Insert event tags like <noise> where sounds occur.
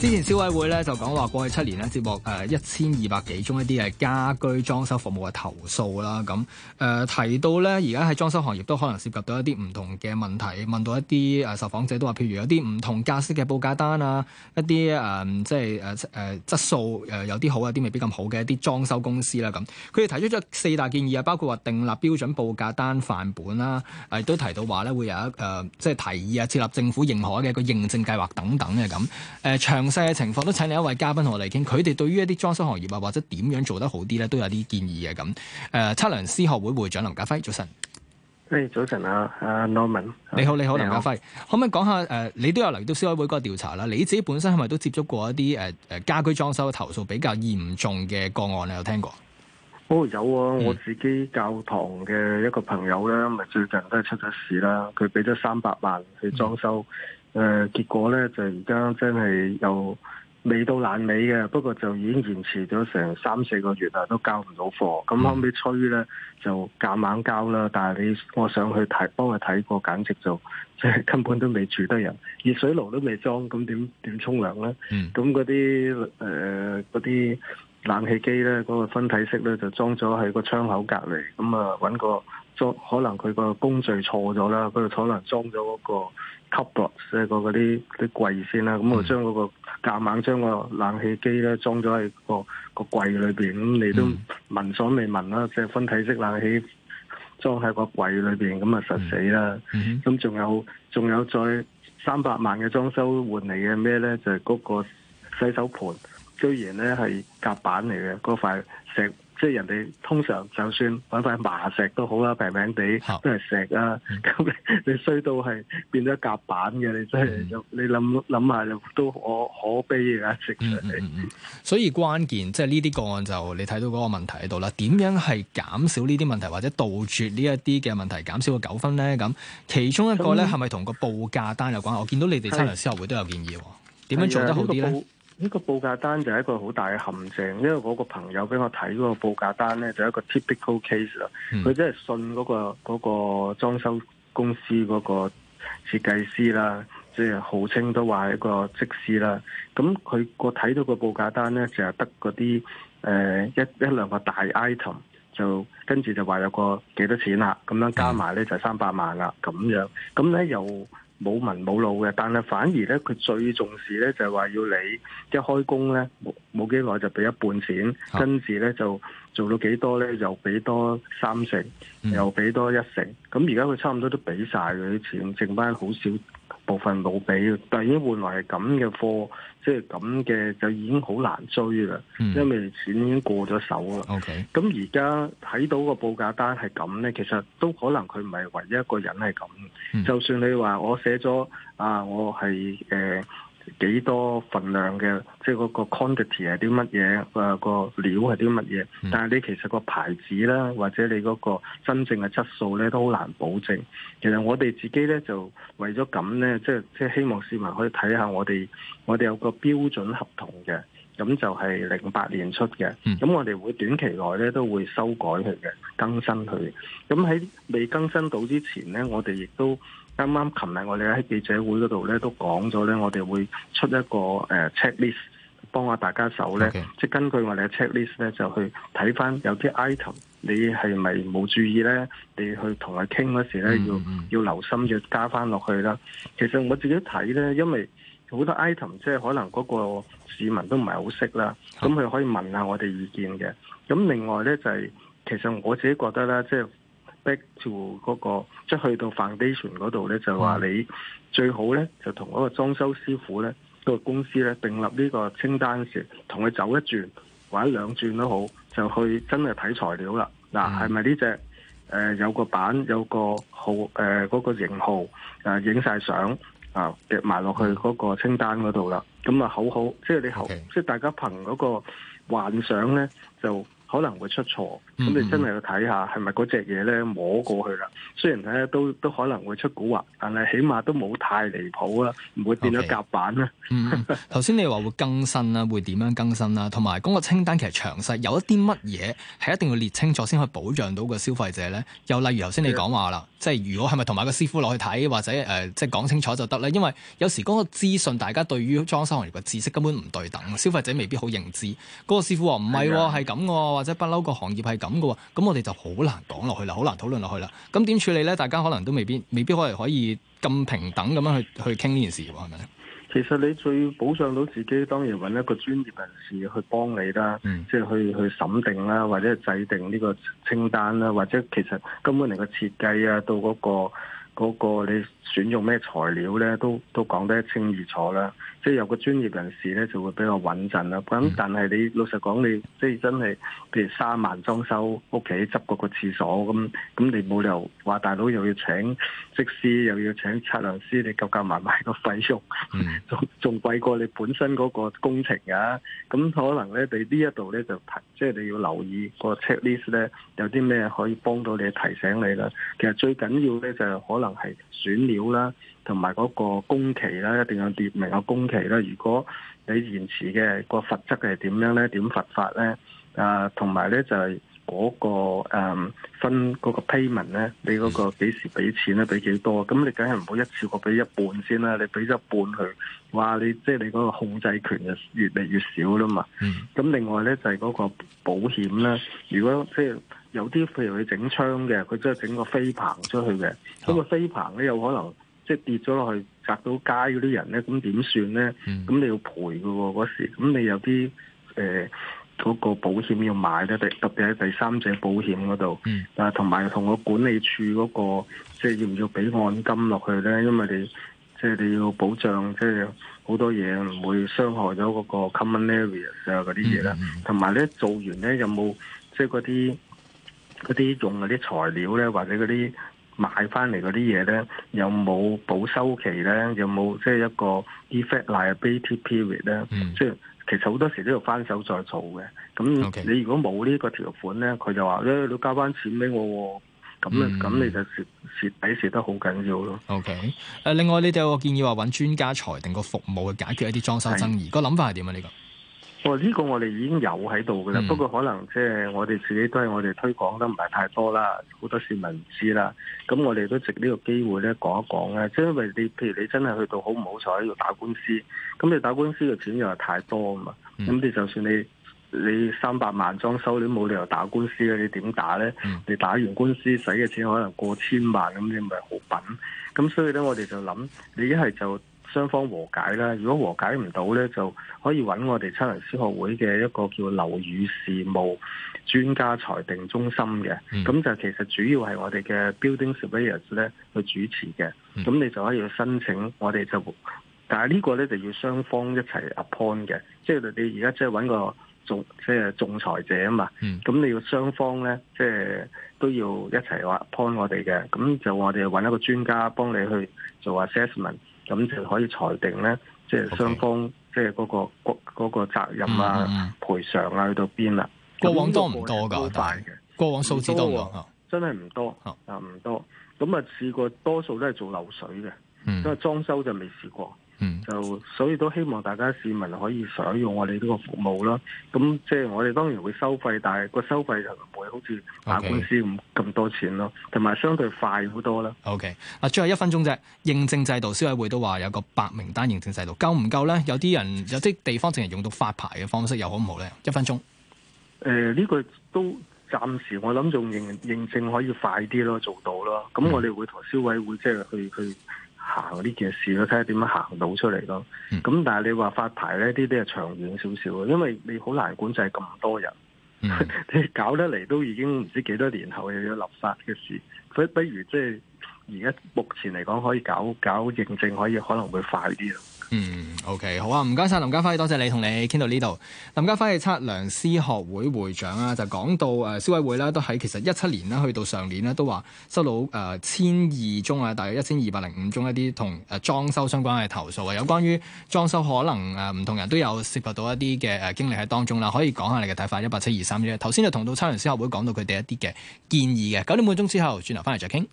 之前消委會咧就講話過去七年咧接獲誒一千二百幾宗一啲誒家居裝修服務嘅投訴啦，咁誒、呃、提到咧而家喺裝修行業都可能涉及到一啲唔同嘅問題，問到一啲誒受訪者都話，譬如有啲唔同格式嘅報價單啊，一啲誒、呃、即係誒誒質素誒有啲好啊，有啲未必咁好嘅一啲裝修公司啦，咁佢哋提出咗四大建議啊，包括話訂立標準報價單範本啦，誒、亦、都提到話咧會有一誒、呃、即係提議啊，設立政府認可嘅一個認證計劃等等嘅咁，誒詳嘅情況都請另一位嘉賓同我嚟傾，佢哋對於一啲裝修行業啊，或者點樣做得好啲咧，都有啲建議嘅咁。誒、呃，測量師學會會，會長林家輝，早晨。誒、hey，早晨啊，阿 Norman，你好，你好，你好林家輝，可唔可以講下？誒、呃，你都有嚟到消委會個調查啦，你自己本身係咪都接觸過一啲誒誒家居裝修投訴比較嚴重嘅個案你有聽過？哦，oh, 有啊，嗯、我自己教堂嘅一個朋友咧，咪最近都係出咗事啦，佢俾咗三百萬去裝修。嗯誒、呃、結果咧就而家真係又未到爛尾嘅，不過就已經延遲咗成三四個月啦，都交唔到貨。咁後尾催咧就夾硬，硬交啦，但係你我上去睇幫佢睇過，簡直就即係根本都未住得人，熱水爐都未裝，咁點點沖涼咧？咁嗰啲誒嗰啲冷氣機咧，嗰個分體式咧就裝咗喺個窗口隔離，咁啊揾個裝可能佢個工序錯咗啦，佢度可能裝咗嗰個。Cupboard 即係個嗰啲啲櫃先啦，咁、嗯、我將嗰、那個夾硬將個冷氣機咧裝咗喺、那個、那個櫃裏邊，咁你都聞所未聞啦，即係、嗯、分體式冷氣裝喺個櫃裏邊，咁啊實死啦！咁仲、嗯嗯、有仲有再三百萬嘅裝修換嚟嘅咩咧？就係、是、嗰個洗手盤，雖然咧係夾板嚟嘅嗰塊石。即係人哋通常就算揾塊麻石好點點好都好啦，啊，平平地都係石啦。咁 <laughs> 你衰到係變咗夾板嘅，你真係、嗯、你諗諗下，都可可悲嘅一隻嘅。嗯，嗯所以關鍵即係呢啲個案就你睇到嗰個問題喺度啦。點樣係減少呢啲問題，或者杜絕呢一啲嘅問題，減少個糾紛咧？咁其中一個咧，係咪同個報價單有關？我見到你哋測量師學會都有建議喎。點樣做得好啲咧？嗯嗯嗯呢個報價單就係一個好大嘅陷阱，因為我個朋友俾我睇嗰個報價單咧，就一個 typical case 啦，那個。佢真係信嗰個嗰裝修公司嗰個設計師啦，即係號稱都話一個職師啦。咁佢個睇到個報價單咧，就係得嗰啲誒一一兩個大 item，就跟住就話有個幾多錢啦，咁樣加埋咧就三百萬啦，咁樣。咁咧又。冇文冇路嘅，但係反而咧，佢最重視咧就係話要你一開工咧，冇冇幾耐就俾一半錢，跟住咧就做到幾多咧，又俾多三成，又俾多一成。咁而家佢差唔多都俾晒佢啲錢，剩翻好少。部分冇俾，但已經換來係咁嘅貨，即係咁嘅就已經好難追啦，因為錢已經過咗手啦。OK，咁而家睇到個報價單係咁呢，其實都可能佢唔係唯一一個人係咁。 <noise> 就算你話我寫咗啊，我係誒。呃幾多份量嘅，即係嗰個 quantity 係啲乜嘢，誒、呃、個料係啲乜嘢，但係你其實個牌子啦，或者你嗰個真正嘅質素咧，都好難保證。其實我哋自己咧就為咗咁咧，即係即係希望市民可以睇下我哋，我哋有個標準合同嘅。咁就係零八年出嘅，咁、嗯、我哋會短期內咧都會修改佢嘅更新佢。咁喺未更新到之前咧，我哋亦都啱啱琴日我哋喺記者會嗰度咧都講咗咧，我哋會出一個誒、呃、checklist 幫下大家手咧。Okay. 即根據我哋嘅 checklist 咧，就去睇翻有啲 item 你係咪冇注意咧？你去同佢傾嗰時咧，嗯嗯要要留心要加翻落去啦。其實我自己睇咧，因為好多 item 即係可能嗰個市民都唔係好識啦，咁佢可以問下我哋意見嘅。咁另外呢，就係、是、其實我自己覺得呢，即係 back to 嗰個即係去到 foundation 嗰度呢，就話你最好呢，就同嗰個裝修師傅呢，個公司呢，訂立呢個清單時，同佢走一轉或者兩轉都好，就去真係睇材料啦。嗱、嗯，係咪呢隻誒有個版，有個號誒嗰、呃那個型號誒影晒相？呃啊，夾埋落去嗰個清單嗰度啦。咁啊，好好，即、就、係、是、你好，即係 Okay. 大家憑嗰個幻想咧，就可能會出錯，咁、mm hmm. 你真係要睇下，係咪嗰隻嘢咧摸過去啦？雖然咧都都可能會出蠱惑，但係起碼都冇太離譜啦，唔會變咗夾板啦。頭先你話會更新啦，會點樣更新啦？同埋嗰個清單其實詳細有一啲乜嘢係一定要列清楚先可以保障到個消費者咧？又例如頭先你講話啦 Yeah.、呃，即係如果係咪同埋個師傅攞去睇或者誒即係講清楚就得啦，因為有時嗰個資訊大家對於裝。行業嘅知識根本唔對等，消費者未必好認知。個師傅話唔係，係咁嘅，或者不嬲個行業係咁嘅，咁我哋就好難講落去啦，好難討論落去啦。咁點處理咧？大家可能都未必，未必可以可以咁平等咁樣去去傾呢件事，係咪咧？其實你最保障到自己，當然揾一個專業人士去幫你啦，即係、嗯、去去審定啦，或者制定呢個清單啦，或者其實根本嚟個設計啊，到嗰、嗰個、嗰個你。選用咩材料咧，都都講得一清二楚啦。即係有個專業人士咧，就會比較穩陣啦。咁但係你老實講，你即係真係譬如三萬裝修屋企，執個個廁所咁，咁你冇理由話大佬又要請則師，又要請測量師，你夾夾埋埋個費用，仲 <laughs> 仲貴過你本身嗰個工程㗎、啊。咁可能咧，你呢一度咧就即係你要留意個 checklist 咧，有啲咩可以幫到你提醒你啦。其實最緊要咧就係、可能係選啦，同埋嗰個工期啦，一定要列明個工期啦。如果你延遲嘅，那個罰則係點樣咧？點罰法咧？啊，同埋咧就係、是、嗰、那個誒、呃、分嗰、那個 payment 咧，你嗰個幾時俾錢咧？俾幾多？咁你梗係唔好一次過俾一半先啦，你俾咗一半佢，哇！你即係、就是、你嗰個控制權就越嚟越少啦嘛。咁、嗯、另外咧就係、是、嗰個保險咧，如果。就是有啲譬如你整槍嘅，佢即係整個飛棚出去嘅。咁、哦、個飛棚咧有可能即係跌咗落去砸到街嗰啲人咧，咁點算咧？咁、嗯、你要賠嘅喎嗰時。咁你有啲誒嗰個保險要買咧，特特別喺第三者保險嗰度。啊、嗯，同埋同個管理處嗰、嗰個即係、就是、要唔要俾按金落去咧？因為你即係、就是、你要保障，即係好多嘢唔會傷害咗嗰個 common area 啊啲嘢啦。同埋咧，做完咧有冇即係啲？就是嗰啲用嗰啲材料咧，或者嗰啲買翻嚟嗰啲嘢咧，有冇保修期咧？有冇即係一個 effect liability period 咧？即係、嗯、其實好多時都要翻手再做嘅。咁你如果冇呢個條款咧，佢就話咧，你交翻錢俾我，咁啊，咁你就蝕蝕底蝕得好緊要咯。OK。誒，另外你哋有個建議話搵專家裁定個服務去解決一啲裝修爭議，是個諗法係點啊？呢個？我呢、哦呢個我哋已經有喺度噶啦，嗯、不過可能即係我哋自己都係我哋推廣得唔係太多啦，好多市民唔知啦。咁我哋都藉呢個機會咧，講一講咧，即係因為你譬如你真係去到好唔好彩喺度打官司，咁你打官司嘅錢又係太多啊嘛。咁、嗯、你就算你你三百萬裝修你冇理由打官司嘅，你點打咧？嗯、你打完官司使嘅錢可能過千萬咁，你咪好品。咁所以咧，我哋就諗你一係就。雙方和解啦。如果和解唔到咧，就可以揾我哋測量師學會嘅一個叫樓宇事務專家裁定中心嘅，咁、嗯、就其實主要係我哋嘅 Building Surveyors 咧去主持嘅，咁你就可以申請，我哋就，但係呢個咧就要雙方一齊 appoint 嘅，即係你而家即係揾個。仲即係仲裁者啊嘛，咁、嗯、你要雙方咧，即、就、係、是、都要一齊 appoint 我哋嘅，咁就我哋揾一個專家幫你去做 assessment，咁就可以裁定咧，即係雙方即係嗰個嗰個責任啊、賠償、嗯嗯、啊去到邊啦。過往多唔多噶？大嘅，過往數字多唔多，多？真係唔多啊，唔、啊、多。咁啊試過，多數都係做流水嘅，因為裝修就未試過。嗯，就所以都希望大家市民可以使用我哋呢個服務啦。咁即係我哋當然會收費，但係個收費就唔會好似打官司咁咁多錢咯。同埋 Okay. 相對快好多啦。O K，嗱最後一分鐘啫，認證制度消委會都話有個白名單認證制度，夠唔夠呢？有啲人有啲地方淨係用到發牌嘅方式，又好唔好呢？一分鐘。誒、呃、呢、這個都暫時我諗仲認認證可以快啲咯，做到咯。咁我哋會同消委會即係去去。去去行嗰啲件事咯，睇下點樣行到出嚟咯。咁、嗯、但係你話發牌呢啲啲係長遠少少嘅，因為你好難管制咁多人，嗯、 <laughs> 你搞得嚟，都已經唔知幾多年後又有立法嘅事，佢。所以不如即、就、係、是。而家目前嚟講，可以搞搞認證，可以可能會快啲。嗯，OK，好啊。唔該晒。林家輝，多謝你同你傾到呢度。林家輝，測量師學會會長啊，就講到誒、啊、消委會啦、啊，都喺其實一七年啦、啊，去到上年啦、啊，都話收到誒千二宗啊，大約一千二百零五宗一啲同誒裝修相關嘅投訴啊。有關於裝修可能誒、啊、唔同人都有涉及到一啲嘅誒經歷喺當中啦、啊，可以講下你嘅睇法一八七二三啫，頭先就同到測量師學會講到佢哋一啲嘅建議嘅九點半鐘之後轉頭翻嚟再傾。